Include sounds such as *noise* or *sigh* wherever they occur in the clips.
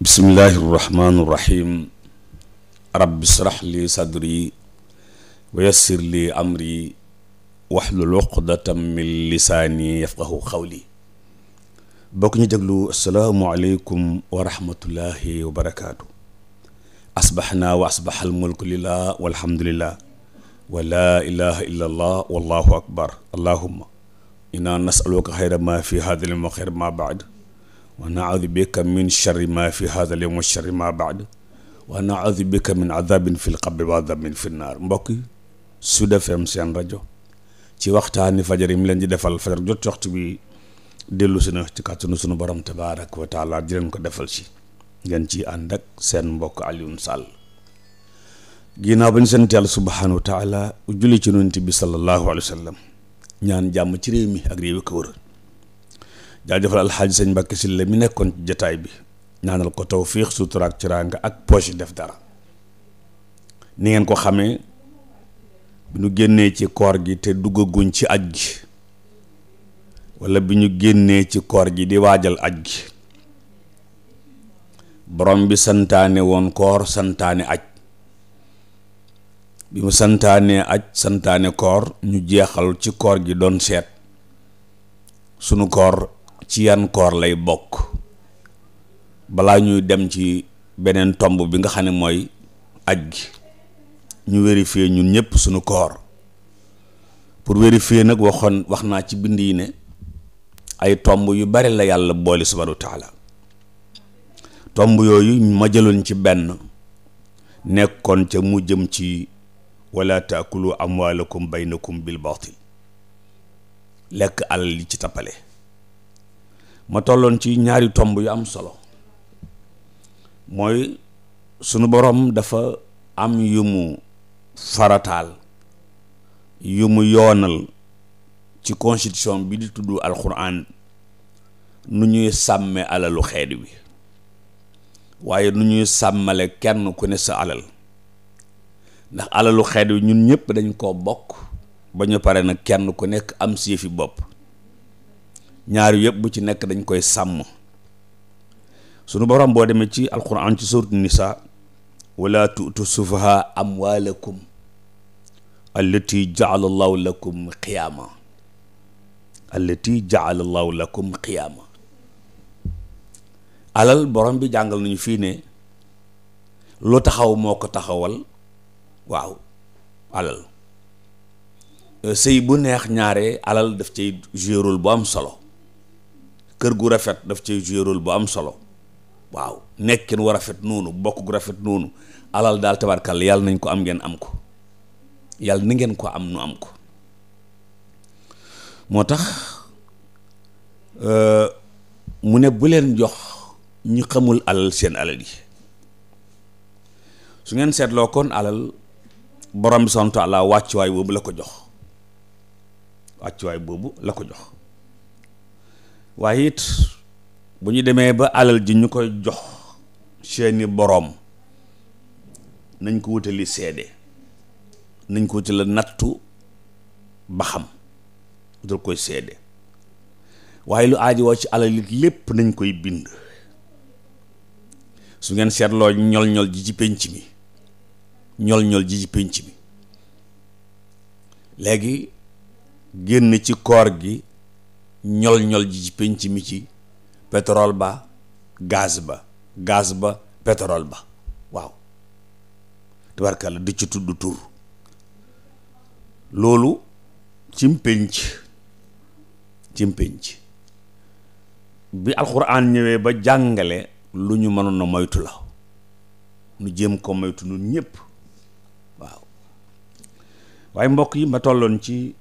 bismillahi irrahmani irrahim rabbi shrah li sadri wa yassir li amri waxlul uqdatam min lisaani yafqahu xawli bokk ñu déglu asalaamualeykum wa rahmatullahi wa barakaatu asbaxnaa wa asbaxa almulku lillah walhamdulillah wa laa ilaha illa allah wallahu akbar allahuma inna nasaluka xayra ma fi hada lima xayra ma baad wa naaudu bika min charri ma fi hada al yawm wa charri ma baad wa naaudu bika min adabin fi l qabri wa adabin fi nnaar mbokk yi Sud FM seen rajo ci waxtaani fajar yi mu leen di defal fajar jot waxtu bi dellu si na ci kàttanu sunu borom tabaaraka wa taala di leen ko defal si ngeen ci ànd ak seen mbokk Alioune Sall ginnaaw ba ñu sant yàlla subhaanahu wa taala julli ci nonti bi sallallahu alayhi wa sallam ñaan jàmm ci réew mi ak réew yi ko wër jaajëfal alxaaji sëñ Mbàkke Sylla mi nekkoon ci jataay bi ñaanal ko tawfiix sutura ak teraanga ak poche def dara ni ngeen ko xamee ñu génnee ci koor gi te duggaguñ ci aj gi walla bi ñu génnee ci koor gi di waajal aj gi borom bi santaane woon koor santaane aj bi mu santaanee aj santaane koor ñu jeexal ci koor gi doon seet sunu koor ci yan koor lay bokk balaa ñuy dem ci beneen tomb bi nga xam ne mooy aj gi ñu vérifier ñun ñëpp suñu koor pour vérifier nag waxoon wax naa ci bind yi ne ay tomb yu bari la yàlla boole subhanahu wa taala tomb yooyu ma jëloon ci benn nekkoon ca mu jëm ci wala taakulu amwaalakum baynakum bil baatil lekk alal li ci tappale ma tolloon ci ñaari tomb yu am solo mooy sunu borom dafa am yumu mu farataal yu yoonal ci constitution bi di tudd alxuraan nu ñuy sàmme alalu xeet wi waaye nu ñuy sàmmale kenn ku ne sa alal ndax alalu xeet wi ñun ñëpp dañ koo bokk ba ñu pare nag kenn ku nekk am séefi bopp ñaar yëpp bu ci nekk dañ koy sàmm sunu borom boo demee ci alquran ci suuratu nisa wala tutu sufaha amwaalakum allati jaala allahu lakum qiyaama allati jaala allahu lakum qiyaama alal borom bi jàngal nañu fii ne lu taxaw moo ko taxawal waaw alal sëy bu neex ñaare alal def cay jouer bu am solo kër gu rafet daf cay jouer bu am solo waaw nekkin wu rafet noonu bokk gu rafet noonu alal daal tabarkàlla yàlla nañ ko am ngeen am ko yàlla ni ngeen ko am nu am ko moo tax euh, mu ne bu leen jox ñu xamul alal seen alal yi su ngeen seetloo kon alal borom bi sant àlla wàccuwaay boobu la ko jox wàccuwaay boobu la ko jox waaye it bu ñu demee ba alal ji ñu koy jox seeni boroom nañ ko wutali seede nañ ko wutali nattu ba xam dal koy seede waaye lu aajowoo ci alal it lépp nañ koy bind su ngeen seetloo ñol-ñol ji ci pénc mi ñol-ñol ji ci pénc mi léegi génn ci koor gi ñol-ñol ji ci penc mi ci pétrole ba gaz ba gaz ba pétrole ba waaw tabarkàlla di ci tudd tur loolu cim penc cim penc bi alxuraan ñëwee ba jàngale lu ñu mënoon a moytu la nu jéem ko moytu nun ñëpp waaw waaye mbokk yi ma tolloon ci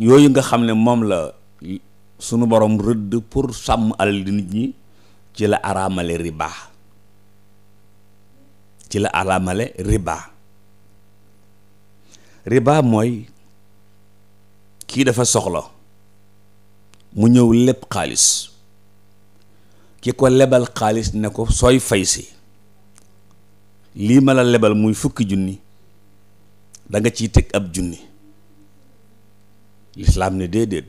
yooyu nga xam ne moom la sunu borom rëdd pour sàmm alal di nit ñi ci la araamale riba ci la araamale riba riba mooy kii dafa soxla mu ñëw lépp xaalis ki ko lebal xaalis ne ko sooy fay si lii ma la lebal muy fukki junni danga ciy teg ab junni lislaam ne déedéet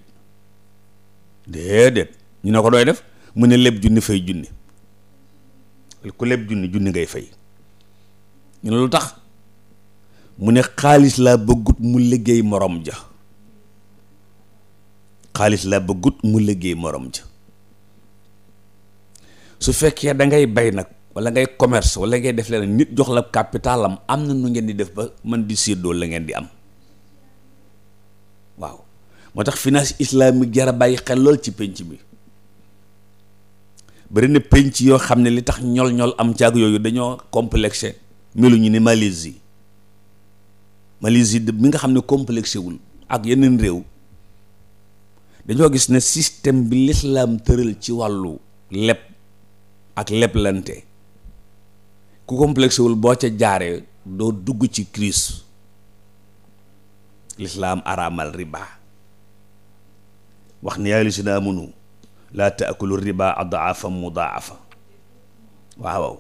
déedéet ñu ne ko dooy def mu ne leb junni fay junni ku leb junni junni ngay fay ñu ne lu tax mu ne xaalis laa bëggut mu liggéey morom ja xaalis laa bëggut mu liggéey morom ja su fekkee da ngay bay nag wala ngay commerce wala ngay def leneen nit jox la capitalam am na nu ngeen di def ba mën di séddoo la ngeen di am waaw moo tax finance islamique jara bàyyi xel lool ci penc bi bari na penc yoo xam ne li tax ñol-ñol am caag yooyu dañoo complexé melu ñu ni Malaisie Malaisie mi nga xam ne complexé wul ak yeneen réew dañoo gis ne système bi lislaam tëral ci wàllu leb ak leblante ku complexé wul boo ca jaaree doo dugg ci crise lislaam araamal riba wax ni yaa lladiina mënu laa taakulu riba adaafan mudaafa waaw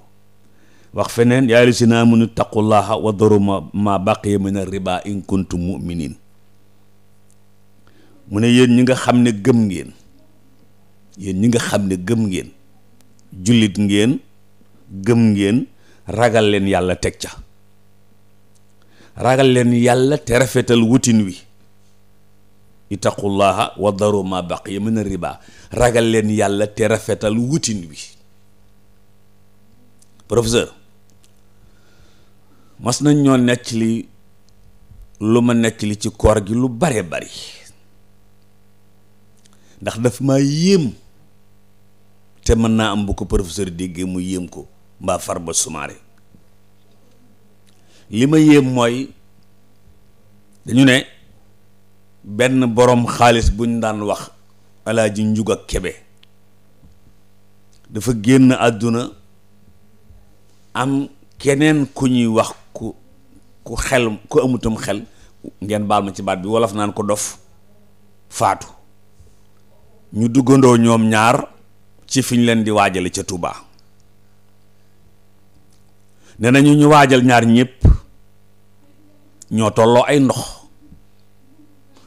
wax feneen yaa lladiina aamanu ittaqullaha wa daru ma baqiya min ar-riba in kuntum mu'minin mu ne yéen ñi nga xam ne gëm ngeen yéen ñi nga xam ne gëm ngeen jullit ngeen gëm ngeen ragal leen yàlla teg ca ragal leen yàlla te rafetal wutin wi ittaqullaha wa daru ma yi mën ar-riba ragal leen yàlla te rafetal wutin wi professeur mas nañ ñoo nekk li lu ma nekk li ci koor gi lu bare bari ndax daf ma yéem te mën naa am bu ko professeur déggee mu yéem ko mbaa Farba Soumaré li ma yéem mooy dañu ne benn borom xaalis buñ daan wax alaaji njug ak kebe dafa génn àdduna am keneen ku ñuy wax ku ku xel ku amutum xel ngeen baal ma ci baat bi wolof naan ko dof faatu ñu duggandoo ñoom ñaar ci fi ñu leen di waajale ca tubaa ne nañu ñu waajal ñaar ñépp ñoo tolloo ay ndox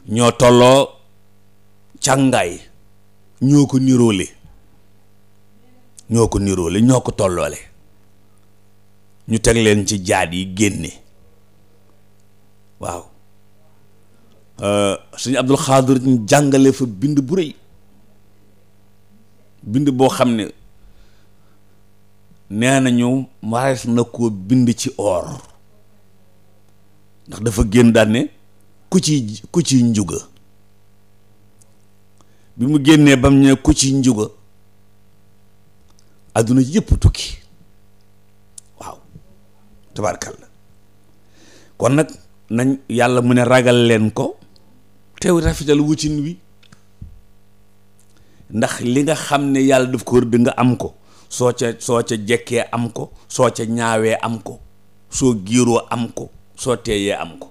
ñoo tolloo càngaay ñoo ko niroole ñoo ko niroole ñoo ko tolloole ñu teg leen ci jaat yi génne waaw euh, suñu Abdul Xaadir jàngale fa bind bu rëy bind boo xam ne nee nañu marees na koo bind ci or ndax dafa génn daan ku ci ku ci njuga bi mu génnee bam ne ku ci njuga adduna yépp tukki waaw la kon nag nañ yàlla mu ne ragal leen ko teew rafetal wutin wi ndax li nga xam ne yàlla daf ko bi nga am ko soo ca soo ca jekkee am ko soo ca ñaawee am ko soo giiroo am ko soo teeyee am ko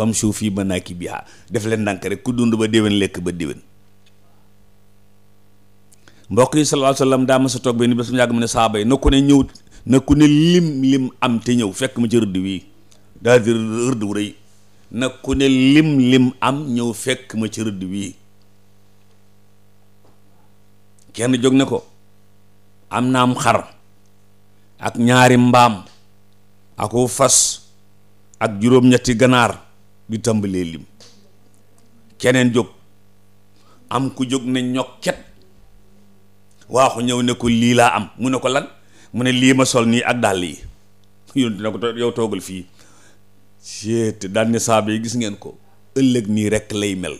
fii famshu fi manakibiha def leen ndànk rek ku dund ba déwén lekk ba déwén mbokk yi sallallahu alayhi wa sallam daa ma sa toog benn bés mu yàgg mu ne saaba yi na ku ne ñëw lim lim am ñëw fekk mu ci rëdd wii daal di lim am ñëw fekk ma ci rëdd wii kenn jóg ne ko am na am xar ak ñaari mbaam aku fas ak juróom-ñetti ganaar bi tàmbalee lim keneen jóg am ku jóg ne ñokket waaxu ñëw ne ko lii laa am mu ne ko lan mu ne lii ma sol nii ak dàll yi yónni na ko yow toogal fii seet daan ne saaba gis ngeen ko ëllëg nii rekk lay mel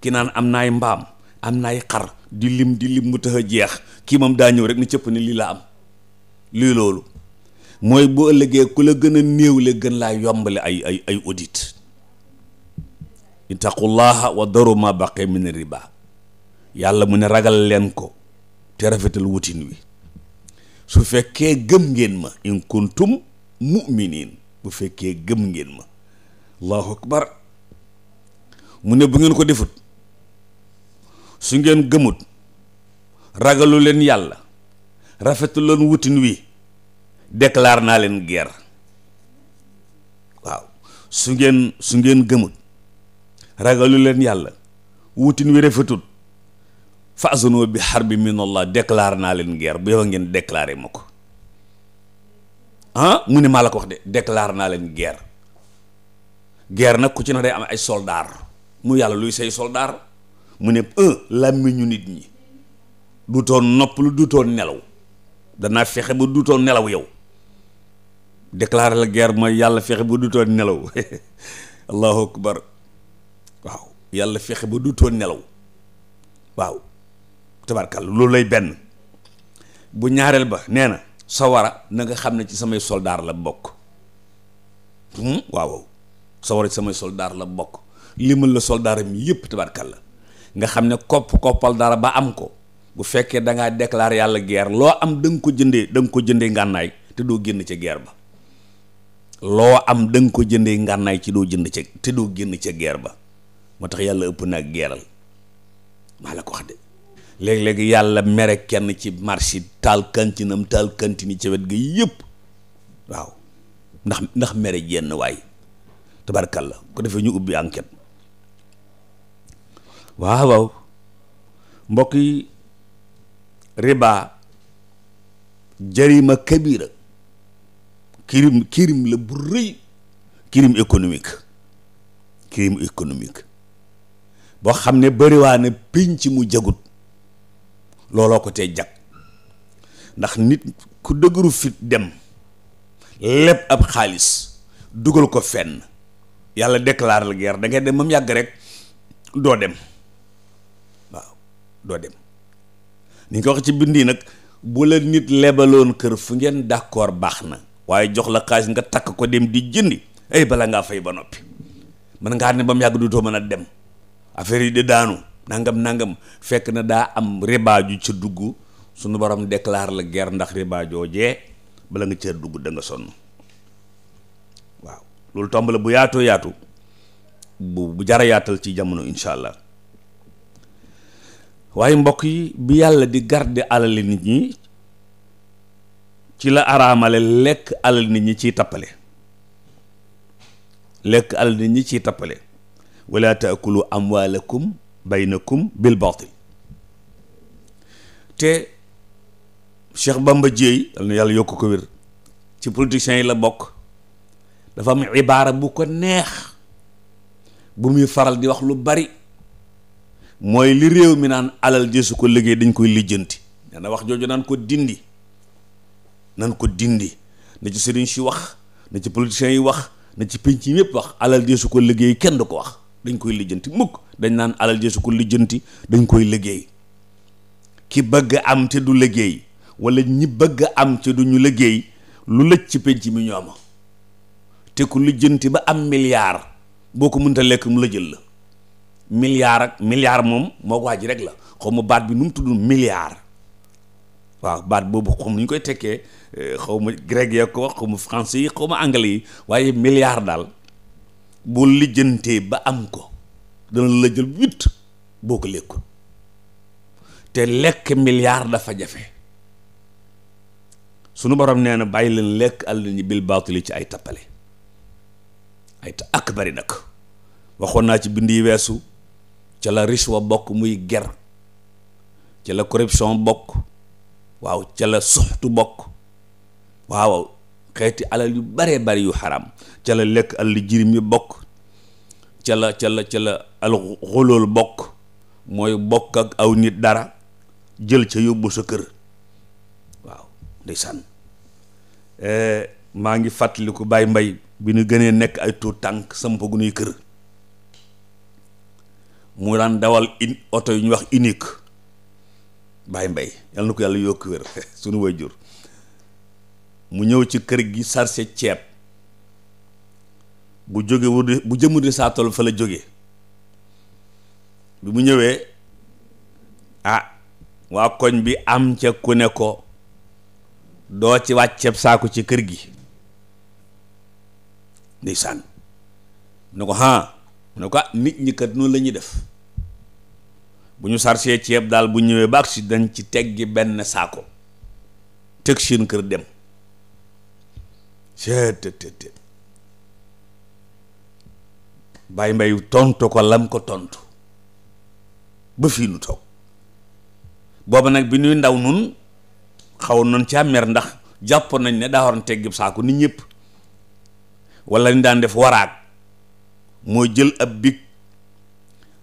ki naan am naay mbaam am naay xar di lim di lim mu tax jeex kii moom daa ñëw rek ni cëpp ni lii laa am lii loolu mooy bu ëllëgee ku la gën a néewle gën laa yombale ay ay ay audit ittaqullaha wa daru ma baqe min riba yàlla mu ne ragal leen ko te rafetal wutin wi su fekkee gëm ngeen ma in kuntum mu'minin bu fekkee gëm ngeen ma allahu akbar mu ne bu ngeen ko defut su ngeen gëmut ragalu leen yàlla rafetalu leen wutin wi déclare naa leen guerre waaw su ngeen su ngeen gëmut ragalu leen yàlla wutin wi rafetul faasonoo bi xar bi minallah déclare naa leen ger bu yow ngeen déclaré ma ko ah mu ne maa la ko wax de déclare naa leen guerre ger nag ku ci na day am ay soldaar mu yàlla luy say soldaar mu ne mi ñu nit ñi duutoon nopp lu duutoon nelaw danaa fexe ba duutoon nelaw yow déclarer la guerre mooy yàlla fexe ba dutoon nelaw *laughs* allahu akbar waaw yàlla fexe ba du too nelaw waaw tabarkal loolu lay benn bu ñaareel ba nee na sawara na nga xam ne ci samay soldaar la bokk hmm? waaw sawara ci samay soldaar la bokk limal la soldaaram yëpp tabarkal la nga xam ne kopp koppal dara ba am ko bu fekkee da ngaa déclarer yàlla guerre loo am da nga ko jëndee danga nga ko jëndee ngànnaay te doo génn ci guerre ba loo am da ko jëndee ngànnaay ci doo jënd ca te doo génn ca guerre ba moo tax yàlla ëpp naag geeral maa la ko wax léegi léeg yàlla mere kenn ci marché taal kantinam taal kantini ca wet ga yëpp waaw ndax ndax mere jenn waay ko defee ñu ubbi enquête waaw waaw mbokk yi riba jarima kabira crime crime la bu rëy kirim économique crime économique boo xam ne bëriwaa na pénc mu jagut looloo ko tee jag ndax nit ku dëgëru fit dem lépp ab xaalis dugal ko fenn yàlla déclare la guerre da ngay dem moom yàgg rek doo dem waaw doo dem ni ñu ko wax ci bind yi nag bu la nit lebaloon kër fu ngeen d'accord baax na waaye jox la xaalis nga takk ko dem di jënd ay eh, bala ngaa fay ba noppi mën ngaa ne ba mu yàgg dootoo mën a dem affaire yi di daanu nangam nangam fekk na daa am riba ju ca dugg suñu borom déclare la ger ndax riba joojee bala nga caa dugg da nga sonn waaw loolu tomb la bu yaatoo yaatu bu bu yaatal ci jamono incha allah waaye mbokk yi bi yàlla di garder alali nit ñi ci la araamale lekk alal nit ñi ciy tappale lekk alal nit ñi ciy tappale wala taakulu amwaalakum baynakum bil baatil te Cheikh Bamba Dièye yal na yàlla yokk ko wér ci politiciens yi la bokk dafa am ibaara bu ko neex bu muy faral di wax lu bari mooy li réew mi naan alal de su ko liggéey dañ koy lijjanti nee wax jooju naan ko dindi nan ko dindi na ci sëriñ si wax na ci politiciens yi wax na ci penc yi yëpp wax alal su ko liggéey kenn du ko wax dañ koy lijjanti mukk dañ naan alal su ko lijjanti dañ koy liggéey ki bëgg am te du liggéey walla ñi bëgg am te du ñu liggéey lu lëj ci penc mi ñoo ma te ku lijjanti ba am milliard boo ko mënta lekk mu la jël la milliard ak milliard moom moo ko ji rek la xaw ma baat bi nu mu tudd milliard waaw baat boobu xaw ma nu ñu koy tekkee euh, xaw ma grec ya ko wax xaw ma français yi xaw ma anglais yi waaye milliard daal bu lijjantee ba am ko dana la jël huit boo ko lekkul te lekk milliard dafa jafe sunu borom nee na bàyyi leen lekk àll ñi bil baatili ci ay tappale ay ta ak bari nag waxoon naa ci bind yi weesu ca la riche bokk muy ger ca la corruption bokk waaw ca la suxtu bokk waaw xeeti alal yu baree bari yu xaram ca la lekk alal jirim yu bokk ca la ca la ca la al xulool bokk mooy bokk ak aw nit dara jël ca yóbbu sa kër waaw ndeysaan eh, maa ngi fàttaliku Baye Mbaye bi ñu gënee nekk ay tuut tànk samp gu nuy kër mu daan dawal in oto yu ñuy wax unique baay mbay yal na ko yàlla yokk wér *laughs* sunu waajur mu ñëw ci kër gi sarse ceeb bu jóge wu bu jëmu di saa tol fa la jóge bi mu ñëwee ah waa koñ bi am ca ku ne ko doo ci wàcc ceeb saako ci kër gi ndeysaan mu ne ko ah mu ne ko ah, nit ñi kat noonu def bu ñu sarse ceeb daal bu ñëwee ba agsi dañ ci teggi benn saako teg seen kër dem seet bàyyi mbay tontu ko lam ko tontu ba fii nu toog booba nag bi ñuy ndaw nun xaw noon ci mer ndax jàpp nañ ne daa waroon teggi saako nit ñëpp wala ni daan def waraag mooy jël ab big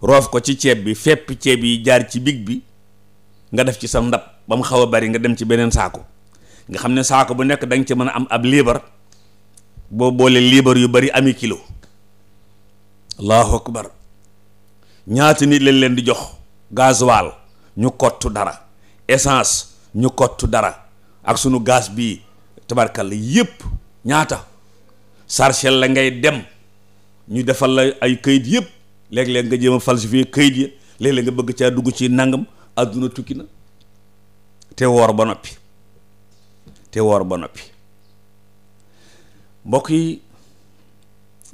roof ko ci ceeb bi fépp ceeb yi jaar ci big bi nga def ci sa ndab ba mu xaw a bari nga dem ci beneen saako nga xam ne saako bu nekk da nga ci mën a am ab liibar boo boole liibar yu bari ami kilo allahu akbar ñaata nit lañ leen di jox gasoil ñu kottu dara essence ñu kottu dara ak sunu gaz bii tabarkal yépp ñaata sarchel la ngay dem ñu defal la ay kayit yépp léeg-léeg nga jéem a falsifier këyit ya léeg-léeg nga bëgg caa dugg ci nangam àdduna tukki na te woor ba noppi te woor ba noppi mbokk yi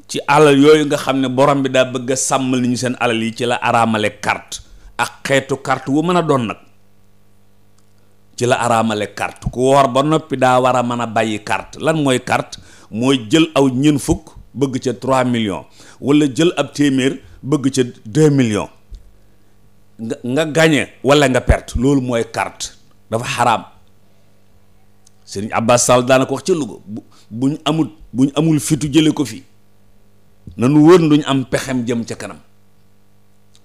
ci alal yooyu nga xam ne borom bi daa bëgg a sàmmal ni ñu seen alal yi ci la araamale kart ak xeetu carte wu mën a doon nag ci la araamale carte ku woor ba noppi daa war a mën a bàyyi carte lan mooy carte mooy jël aw ñeent fukk bëgg ca 3 million walla jël ab téeméer bëgg ca deux millions nga nga gagné wala nga perte loolu mooy carte dafa xaram sëriñ Abbas Sall ko wax ca Louga bu buñ amul buñ amul fitu jële ko fii nanu wër duñ am pexem jëm ca kanam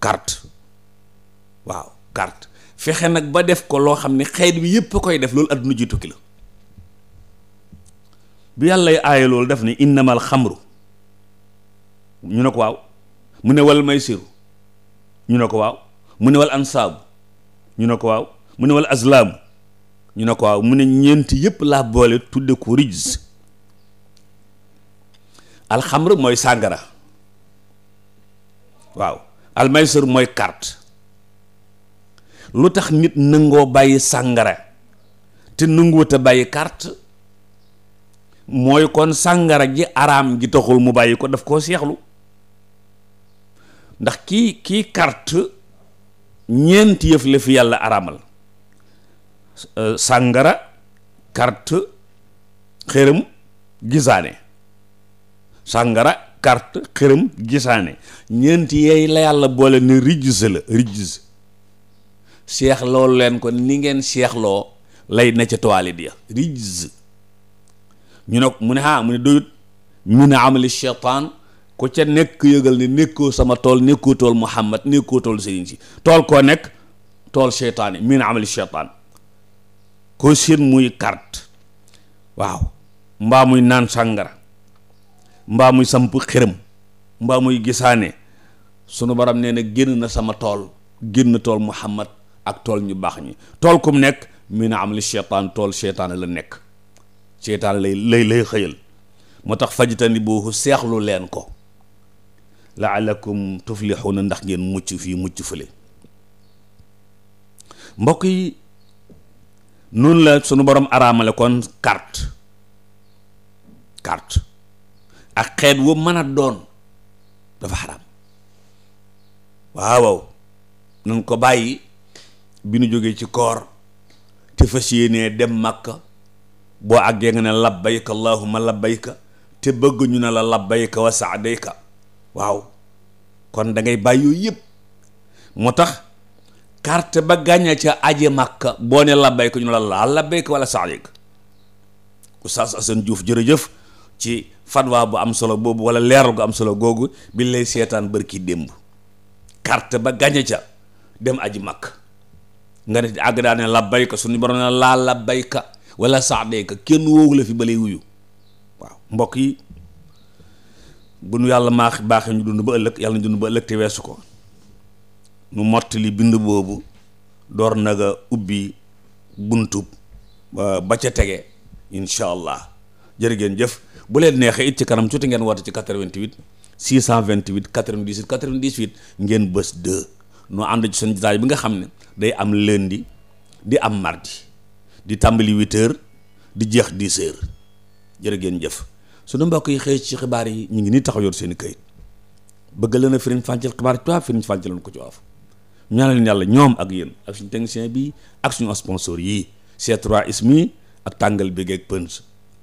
carte waaw carte fexe nag ba def ko loo xam ne xeet bi yépp a koy def loolu adduna ji tukki la bi yàlla ay aaya loolu def ni innamal xamru ñu ne ko waaw mu ne wal maysiru ñu ne ko waaw mu ne wal ansaabu ñu ne ko waaw mu ne wal azlaamu ñu ne ko waaw mu ne yëpp laa boole tudde ko rijs alxamr mooy sàngara waaw almaysir mooy kart lu tax nit nangoo bàyyi sàngara te nanguwut a bàyyi carte mooy kon sàngara ji araam ji taxul mu bàyyi ko daf koo seexlu ndax kii kii carte ñeenti yëf la fi yàlla araamal euh, sàngara carte xërëm gisaane sàngara kart xërëm gisaane ñeenti yeey la yàlla boole ni rijis la rijis seex loolu leen ko ni ngeen seexloo lay ne ca toilette ya rijis ñu ne mu ne ah mu ne doyut min amali shaytaan ku ca nekk yëgal ne nekkoo sama tool nekkoo tool Muhammad nekkoo tool sëriñ si tool koo nekk tool seytaane min amali seytaan koo seen muy carte waaw mbaa muy naan sàngara mbaa muy samp xërëm mbaa muy gisaane sunu baram nee na génn na sama tool génn tool Muhammad ak tool ñu baax ñi tool kum nekk min amali seytaan tool seytaane la nekk seytaane lay lay lay xëyal moo tax fajitani boobu seexlu leen ko laalakum tuflixuuna ndax ngeen mucc fii mucc fële mbokk yi noonu la sunu borom araamale kon kart kart ak xeet wu mën a doon dafa xaraam waaw nañ ko bàyyi bi nu jógee ci koor te fas yéenee dem makk boo àggee nga ne labbayka allahumma labbayka te bëgguñu ñu la labbayka wa saadayka waaw kon dangay ngay yëpp moo tax carte ba gàñña ca aje màkka boo ne labbayk ñu la laa labbayk wala saalik oustaz Assane juuf jërëjëf ci fatwa bu am solo boobu wala leeral gu am solo googu bi lay seetaan ki démb carte ba gàñña ca dem aji màkk nga ne àgg daa ne labbayka suñu borom ne laa labbayka wala saadeyka kenn woowu la fi balay wuyu waaw mbokk yi bu nu yàlla maax baaxee ñu dund ba ëllëg yàlla ñu dund ba ëllëg te weesu ko nu mottali bind boobu door naga ubbi buntub euh, ba ca tege incha allah jërë ngeen jëf bu leen neexee it ci kanam tuuti ngeen woote ci 88 628 98 98 ngeen bës 2 nu ànd ci seen jotaay bi nga xam ne day am lundi di am mardi di tàmbali 8 di jeex 10 heures jërë ngeen jëf. sunu mbokk yi xëy ci xibaar yi ñu ngi nii taxaw yor seen i këyit bëgg leen a firiñ fàncal xibaar ci waaf firiñ fàncaloon ko ci waaf ñaan leen yàlla ñoom ak yéen ak suñu technicien bi ak suñu sponsor yii C3 ismi ak tàngal bi geeg pënc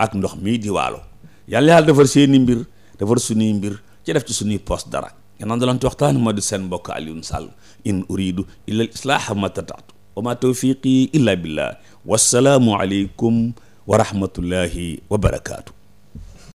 ak ndox mii di waalo yàlla yàlla defar seeni mbir defar suñuy mbir ci def ci suñuy poste dara yanaan dalante waxtaan ma di seen mbokk Alioune Sall in uridu illa al islaaha ma tataatu wa ma tawfiqi illa billah wassalaamu aleykum wa rahmatullahi wa barakaatu